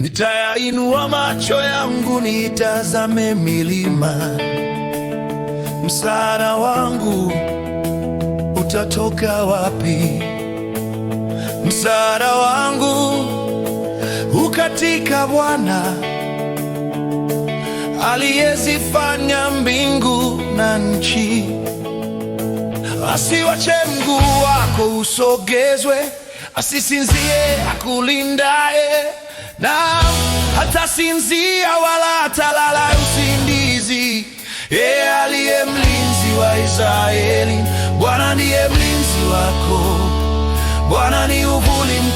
Nitayainua macho yangu nitazame milima, msaada wangu utatoka wapi? Msaada wangu ukatika Bwana aliyezifanya mbingu na nchi. Asiwache mguu wako usogezwe, asisinzie akulindaye na hatasinzia wala atalala usindizi. Yeye aliye mlinzi wa Israeli, Bwana ndiye mlinzi wako, Bwana ni uvuli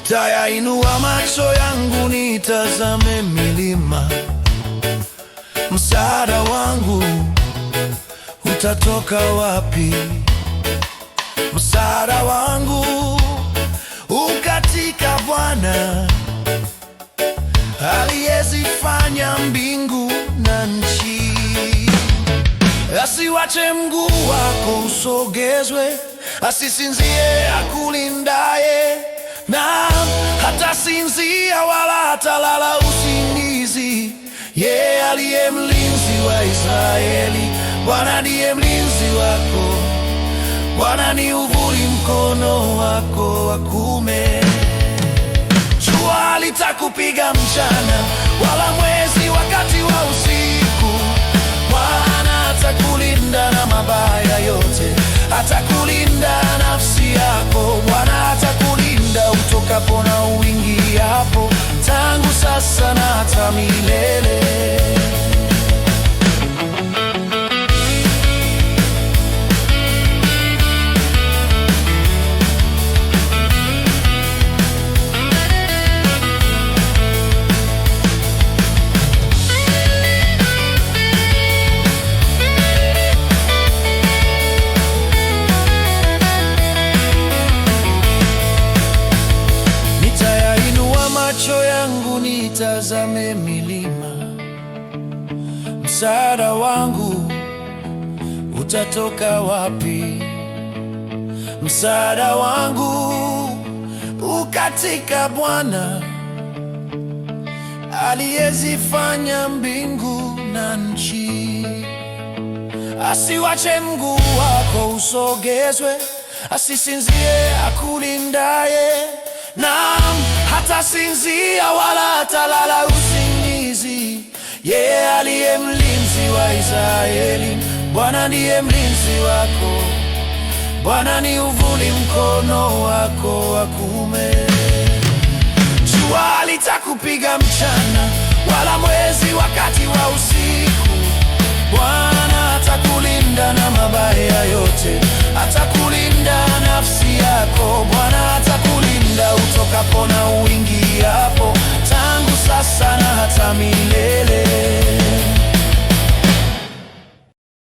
Nitayainua macho yangu nitazame milima, msaada wangu utatoka wapi? Msaada wangu ukatika Bwana aliyezifanya mbingu na nchi. Asiwache mguu wako usogezwe, asisinzie akulindaye na hata sinzia wala lala usingizi. Yeye aliye mlinzi wa Israeli, Bwana ndiye mlinzi wako. Bwana ni uvuli mkono wako wa kuume. Jua halitakupiga mchana wala mwe nitakapoona uingiapo, tangu sasa na hata milele. msaada wangu utatoka wapi? Msaada wangu ukatika Bwana aliyezifanya mbingu na nchi. Asiwache mguu wako usogezwe, asisinzie akulindaye, naam sinzia wala atalala usingizi, yeye yeah, aliyemli wa Israeli. Bwana ndiye mlinzi wako, Bwana ni uvuli mkono wako wa kuume. Jua litakupiga mchana, wala mwezi wakati wa usiku. Bwana atakulinda na mabaya yote, atakulinda nafsi yako. Bwana atakulinda utokapo na uingiapo, tangu sasa na hata milele.